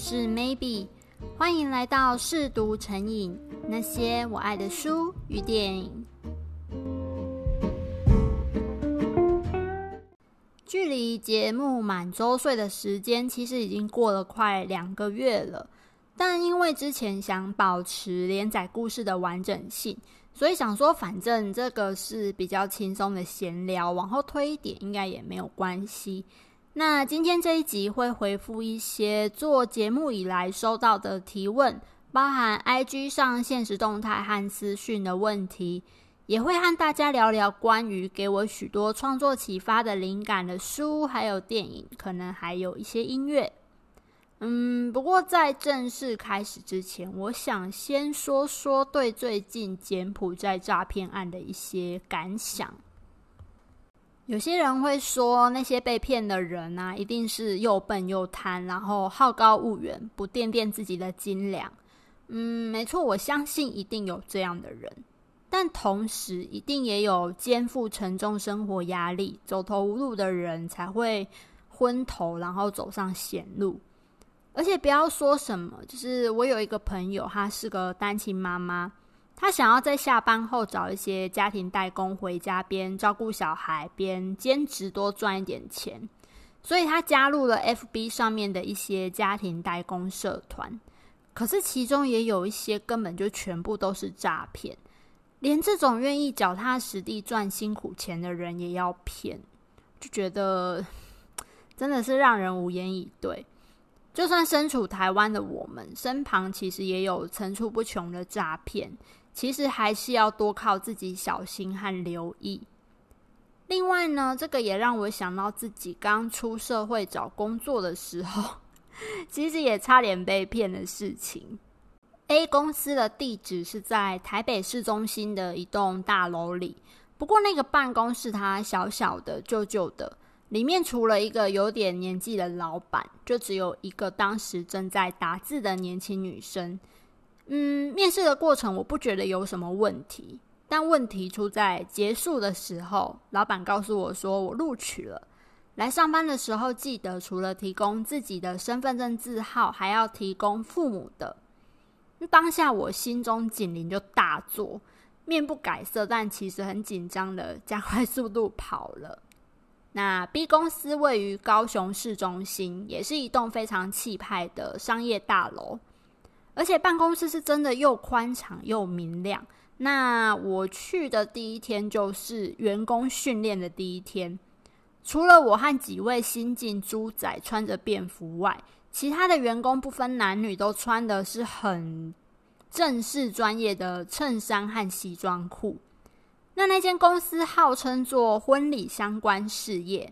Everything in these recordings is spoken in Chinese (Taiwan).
是 Maybe，歡迎來到試讀成癮，那些我愛的書與電影。距離節目滿周歲的時間，其實已經過了快兩個月了。但因為之前想保持連載故事的完整性，所以想說，反正這個是比較輕鬆的閒聊，往後推一點應該也沒有關係。那今天這一集會回覆一些做節目以來收到的提問，包含 IG 上限時動態和私訊的問題，也會和大家聊聊關於給我許多創作啟發的靈感的書，還有電影，可能還有一些音樂。嗯，不過在正式開始之前，我想先說說對最近柬埔寨詐騙案的一些感想。有些人會說，那些被騙的人啊，一定是又笨又貪，然後好高騖遠，不掂掂自己的斤兩。嗯，沒錯，我相信一定有這樣的人，但同時一定也有肩負沉重生活壓力、走投無路的人才會昏頭，然後走上險路。而且不要說什麼，就是我有一個朋友，她是個單親媽媽。他想要在下班後找一些家庭代工，回家邊照顧小孩邊兼職多賺一點錢，所以他加入了 FB 上面的一些家庭代工社團。可是其中也有一些根本就全部都是詐騙，連這種願意腳踏實地賺辛苦錢的人也要騙，就覺得真的是讓人無言以對。就算身處台灣的我們，身旁其實也有層出不窮的詐騙。其實還是要多靠自己小心和留意。另外呢，這個也讓我想到自己剛出社會找工作的時候，其實也差點被騙的事情。A 公司的地址是在台北市中心的一棟大樓裡，不過那個辦公室它小小的、舊舊的，裡面除了一個有點年紀的老闆，就只有一個當時正在打字的年輕女生。嗯，面試的過程我不覺得有什麼問題，但問題出在結束的時候，老闆告訴我說我錄取了。來上班的時候記得除了提供自己的身份證字號，還要提供父母的。當下我心中警鈴就大作，面不改色，但其實很緊張的加快速度跑了。那 B 公司位於高雄市中心，也是一棟非常氣派的商業大樓。而且辦公室是真的又寬敞又明亮。那我去的第一天就是員工訓練的第一天。除了我和幾位新進豬仔穿着便服外，其他的員工不分男女都穿的是很正式專業的襯衫和西裝褲。那那間公司號稱做婚禮相關事業，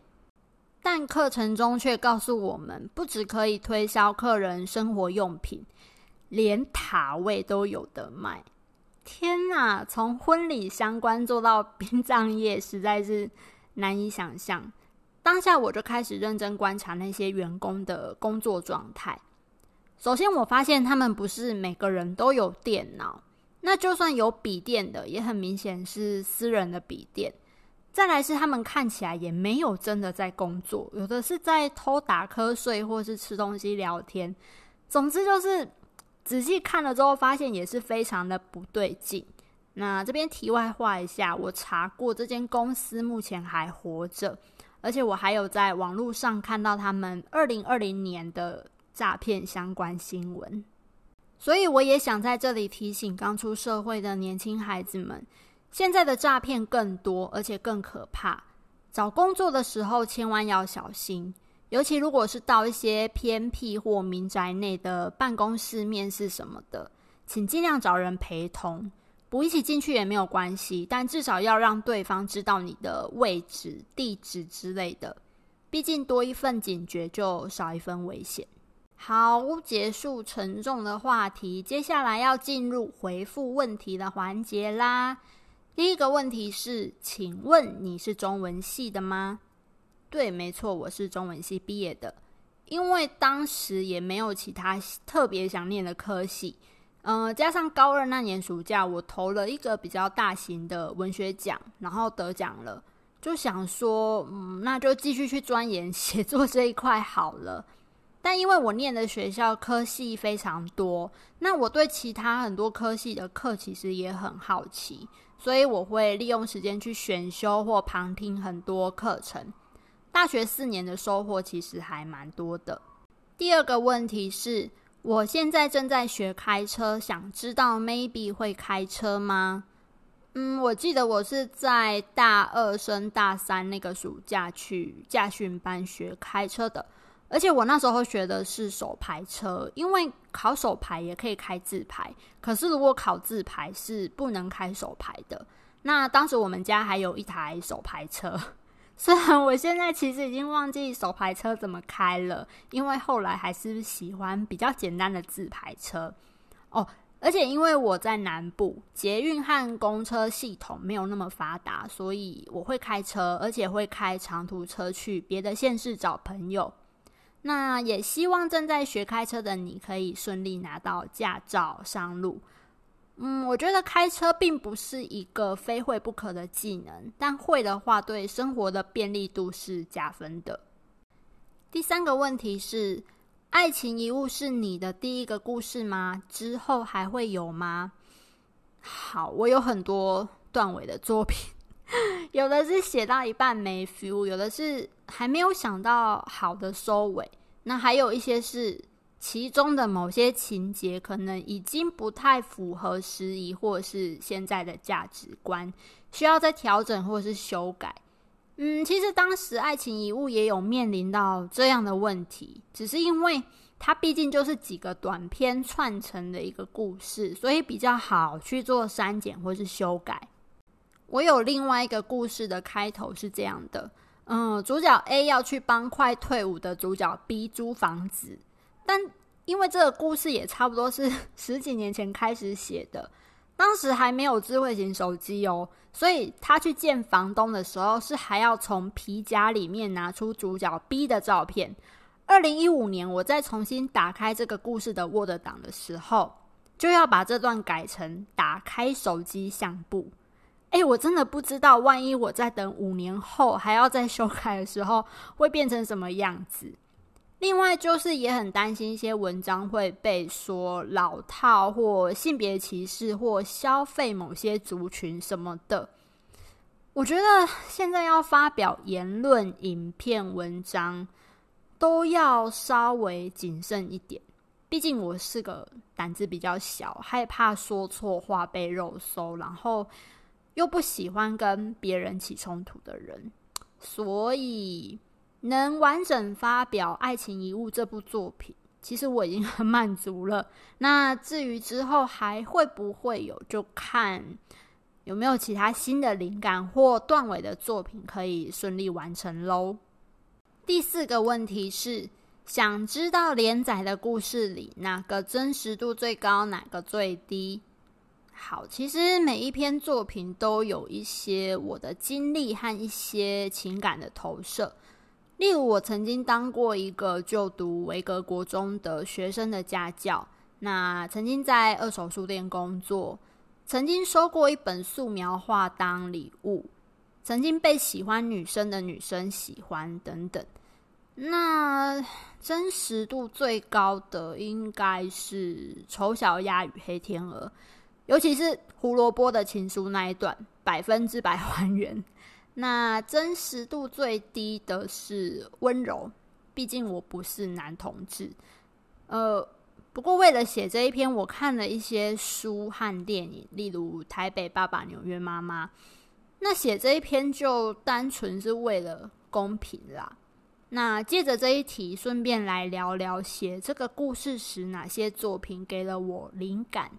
但課程中卻告訴我們，不只可以推銷客人生活用品。連塔位都有得賣，天啊，從婚禮相關做到殯葬業，實在是難以想象。當下我就開始認真觀察那些員工的工作狀態。首先，我發現他們不是每個人都有電腦，那就算有筆電的，也很明顯是私人的筆電。再來是他們看起來也沒有真的在工作，有的是在偷打瞌睡，或是吃東西、聊天。總之就是。仔細看了之後，發現也是非常的不對勁。那這邊題外話一下，我查過這間公司目前還活着，而且我還有在網絡上看到他們二零二零年的詐騙相關新聞。所以我也想在這裡提醒剛出社會的年輕孩子們，現在的詐騙更多，而且更可怕。找工作的時候千萬要小心。尤其如果是到一些偏僻、或民宅內的辦公室面試什麼的，請盡量找人陪同，不一起進去也沒有關係，但至少要讓對方知道你的位置、地址之類的。畢竟多一份警覺，就少一分危險。好，結束沉重的話題，接下來要進入回復問題的環節啦。第一個問題是，請問你是中文系的嗎？對，沒錯，我是中文系畢業的。因為當時也沒有其他特別想念的科系，呃，加上高二那年暑假，我投了一個比較大型的文學獎，然後得獎了，就想說，嗯，那就繼續去鑽研寫作這一塊好了。但因為我念的學校科系非常多，那我對其他很多科系的課其實也很好奇，所以我會利用時間去選修或旁聽很多課程。大學四年的收穫其實還蠻多的。第二個問題是我現在正在學開車，想知道 maybe 會開車嗎？嗯，我記得我是在大二升大三那個暑假去駕訓班學開車的，而且我那時候學的是手排車，因為考手排也可以開自排，可是如果考自排是不能開手排的。那當時我們家還有一台手排車。雖然我現在其實已經忘記手排車怎麼開了，因為後來還是喜歡比較簡單的自排車。哦，而且因為我在南部，捷運和公車系統沒有那麼發達，所以我會開車，而且會開長途車去別的縣市找朋友。那也希望正在學開車的你可以順利拿到駕照上路。嗯，我覺得開車並不是一個非會不可的技能，但會的話，對生活的便利度是加分的。第三個問題是，愛情遺物是你的第一個故事嗎？之後還會有嗎？好，我有很多斷尾的作品， 有的是寫到一半沒 feel，有的是還沒有想到好的收尾，那還有一些是其中的某些情節可能已經不太符合時宜，或是現在的價值觀，需要再調整或是修改。嗯，其實當時《愛情遺物》也有面臨到這樣的問題，只是因為它畢竟就是幾個短片串成的一個故事，所以比較好去做刪減或是修改。我有另外一個故事的開頭是這樣的：嗯，主角 A 要去幫快退伍的主角 B 租房子。但因為這個故事也差不多是十幾年前開始寫的，當時還沒有智慧型手機哦，所以他去見房東的時候是還要從皮夾裡面拿出主角 B 的照片。二零一五年我再重新打開這個故事的 Word 檔的時候，就要把這段改成打開手機相簿。誒，我真的不知道，萬一我在等五年後還要再修改的時候，會變成什麼樣子。另外就是也很擔心一些文章會被說老套或性別歧視或消費某些族群什麼的。我覺得現在要發表言論、影片、文章，都要稍微謹慎一點。畢竟我是個膽子比較小、害怕說錯話被肉搜，然後又不喜歡跟別人起衝突的人，所以。能完整發表《愛情遺物》這部作品，其實我已經很滿足了。那至於之後還會不會有，就看有沒有其他新的靈感或斷尾的作品可以順利完成嘍。第四個問題是，想知道連載的故事裡哪個真實度最高，哪個最低？好，其實每一篇作品都有一些我的經歷和一些情感的投射。例如，我曾經當過一個就讀維格國中的學生的家教，那曾經在二手書店工作，曾經收過一本素描畫當禮物，曾經被喜歡女生的女生喜歡等等。那真實度最高的應該是《醜小鴨與黑天鵝》，尤其是胡蘿蔔的情書那一段，百分之百還原。那真實度最低的是溫柔，畢竟我不是男同志。呃，不過為了寫這一篇，我看了一些書和電影，例如《台北爸爸》、《紐約媽媽》。那寫這一篇就單純是為了公平啦。那借着這一題，順便來聊聊寫這個故事時哪些作品給了我靈感。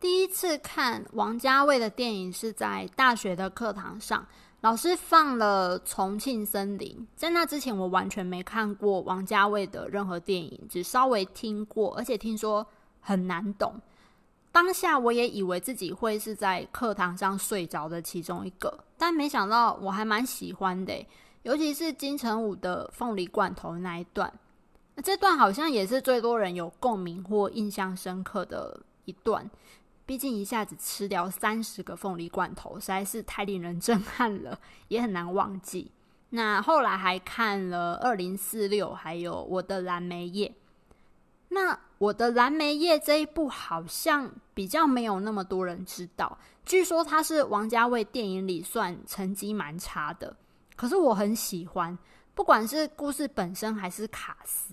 第一次看王家衛的電影是在大學的課堂上，老師放了《重慶森林》。在那之前，我完全沒看過王家衛的任何電影，只稍微聽過，而且聽說很難懂。當下我也以為自己會是在課堂上睡着的其中一個，但沒想到我還蠻喜歡的欸，尤其是金城武的鳳梨罐頭那一段。那這段好像也是最多人有共鳴或印象深刻的一段。畢竟一下子吃掉三十個鳳梨罐頭實在是太令人震撼了，也很難忘記。那後來還看了《二零四六》，還有我的藍莓夜。那我的藍莓夜這一部好像比較沒有那麼多人知道。據說它是王家衛電影裡算成績蠻差的，可是我很喜歡，不管是故事本身還是卡司。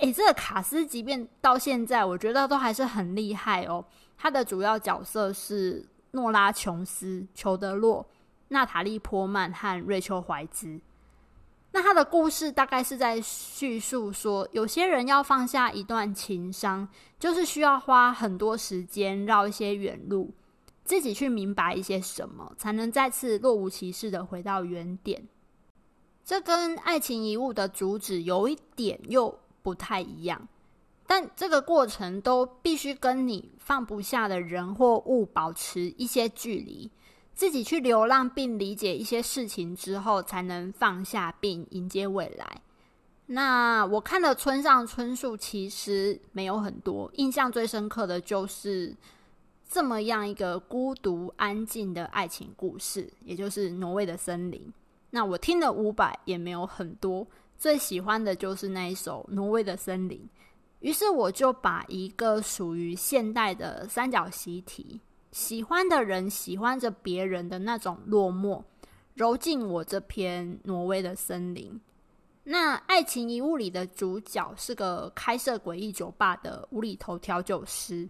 誒，這個卡司即便到現在，我覺得都還是很厲害哦。他的主要角色是諾拉·瓊斯、裘德·洛、娜塔莉·波曼和瑞秋·懷茲。那他的故事大概是在敘述說，有些人要放下一段情傷，就是需要花很多時間繞一些遠路，自己去明白一些什麼，才能再次若無其事的回到原點。這跟《愛情遺物》的主旨有一點又不太一樣。但這個過程都必須跟你放不下的人或物保持一些距離，自己去流浪並理解一些事情之後，才能放下並迎接未來。那我看了村上春樹，其實沒有很多，印象最深刻的就是這麼樣一個孤獨安靜的愛情故事，也就是《挪威的森林》。那我聽了伍佰也沒有很多，最喜歡的就是那一首《挪威的森林》。於是我就把一個屬於現代的三角習題，喜歡的人喜歡着別人的那種落寞，揉進我這篇挪威的森林。那《愛情遺物》裡的主角是個開設詭異酒吧的無厘頭調酒師，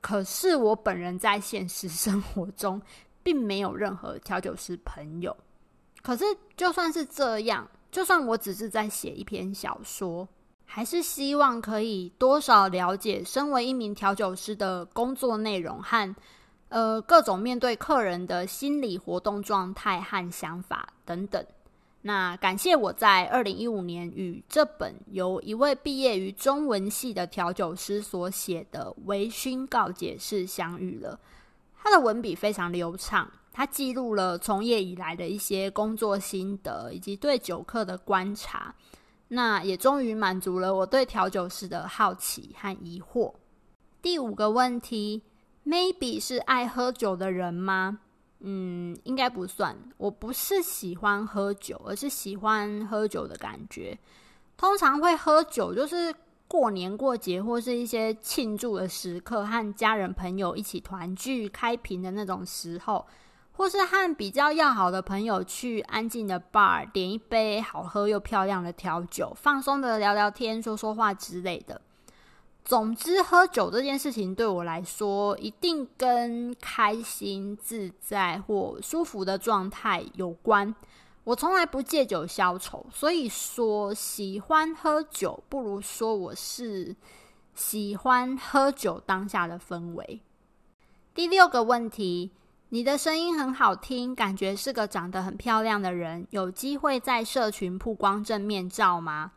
可是我本人在現實生活中並沒有任何調酒師朋友。可是就算是這樣，就算我只是在寫一篇小說。還是希望可以多少了解身為一名調酒師的工作內容和，呃，各種面對客人的心理活動狀態和想法等等。那感謝我在二零一五年與這本由一位畢業於中文系的調酒師所寫的《微醺告解室》相遇了。他的文筆非常流暢，他記錄了從業以來的一些工作心得以及對酒客的觀察。那也終於滿足了我對調酒師的好奇和疑惑。第五個問題，Maybe 是愛喝酒的人嗎？嗯，應該不算。我不是喜歡喝酒，而是喜歡喝酒的感覺。通常會喝酒，就是過年過節或是一些慶祝的時刻，和家人朋友一起團聚、開瓶的那種時候。或是和比較要好的朋友去安靜的 bar，點一杯好喝又漂亮的調酒，放鬆的聊聊天、說說話之類的。總之，喝酒這件事情對我來說，一定跟開心、自在或舒服的狀態有關。我從來不借酒消愁，所以說喜歡喝酒，不如說我是喜歡喝酒當下的氛圍。第六個問題。你的聲音很好聽，感覺是個長得很漂亮的人。有機會在社群曝光正面照嗎？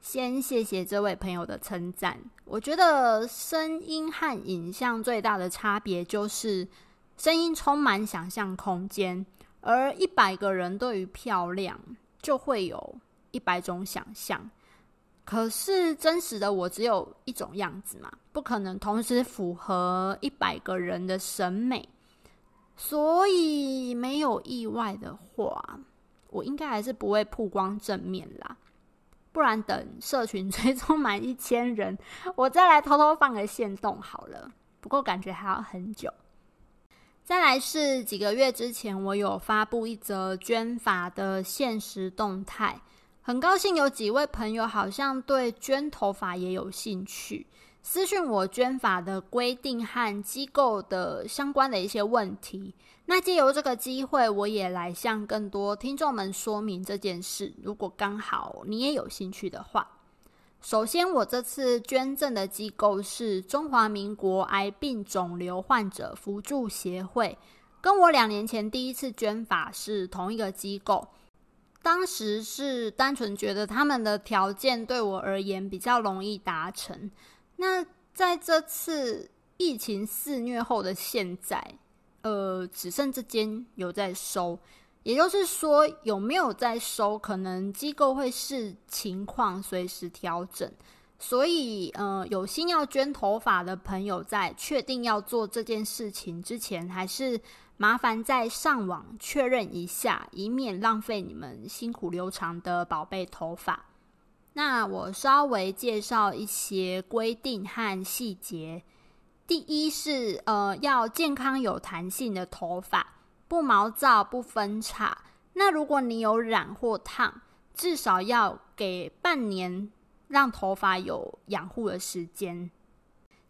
先謝謝這位朋友的稱讚。我覺得聲音和影像最大的差別就是，聲音充滿想象空間，而一百個人對於漂亮就會有一百種想象。可是真實的我只有一種樣子嘛，不可能同時符合一百個人的審美。所以沒有意外的話，我應該還是不會曝光正面啦。不然等社群追蹤滿一千人，我再來偷偷放個限動好了。不過感覺還要很久。再來是幾個月之前，我有發布一則捐髮的限時動態，很高興有幾位朋友好像對捐頭髮也有興趣。私訊我捐髮的規定和機構的相關的一些問題。那借由這個機會，我也來向更多聽眾們說明這件事。如果剛好你也有興趣的話，首先我這次捐贈的機構是中華民國癌病腫瘤患者輔助協會，跟我兩年前第一次捐髮是同一個機構。當時是單純覺得他們的條件對我而言比較容易達成。那在這次疫情肆虐後的現在，呃，只剩這間有在收，也就是說有沒有在收，可能機構會視情況隨時調整。所以，呃，有心要捐頭髮的朋友在，在確定要做這件事情之前，還是麻煩再上網確認一下，以免浪費你們辛苦留長的寶貝頭髮。那我稍微介紹一些規定和細節。第一是，呃，要健康有彈性的頭髮，不毛躁不分叉。那如果你有染或燙，至少要給半年讓頭髮有養護的時間。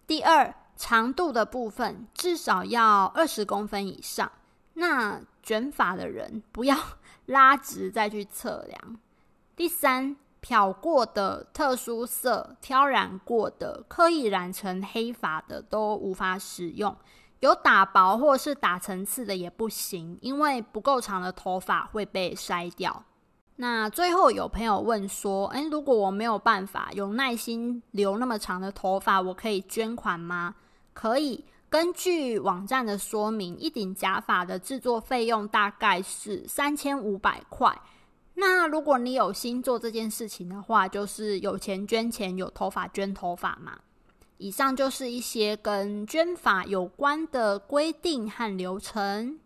第二，長度的部分至少要二十公分以上。那捲髮的人不要 拉直再去測量。第三。漂過的特殊色、挑染過的、刻意染成黑髮的都無法使用，有打薄或是打層次的也不行，因為不夠長的頭髮會被篩掉。那最後有朋友問說，誒、欸，如果我沒有辦法有耐心留那麼長的頭髮，我可以捐款嗎？可以，根據網站的說明，一頂假髮的制作費用大概是三千五百塊。那如果你有心做這件事情的話，就是有錢捐錢，有頭髮捐頭髮嘛。以上就是一些跟捐髮有關的規定和流程。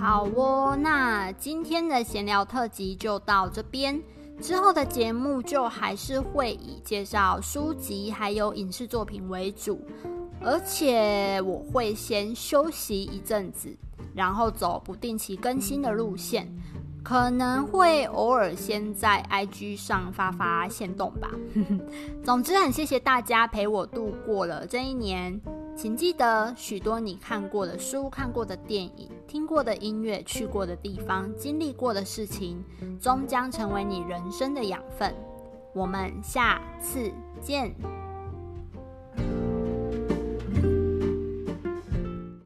好哦，那今天的閒聊特輯就到這邊，之後的節目就還是會以介紹書籍還有影視作品為主。而且我會先休息一陣子，然後走不定期更新的路線，可能會偶爾先在 IG 上發發限動吧。 總之，很謝謝大家陪我度過了這一年，請記得，許多你看過的書、看過的電影、聽過的音樂、去過的地方、經歷過的事情，終將成為你人生的養分。我們下次見。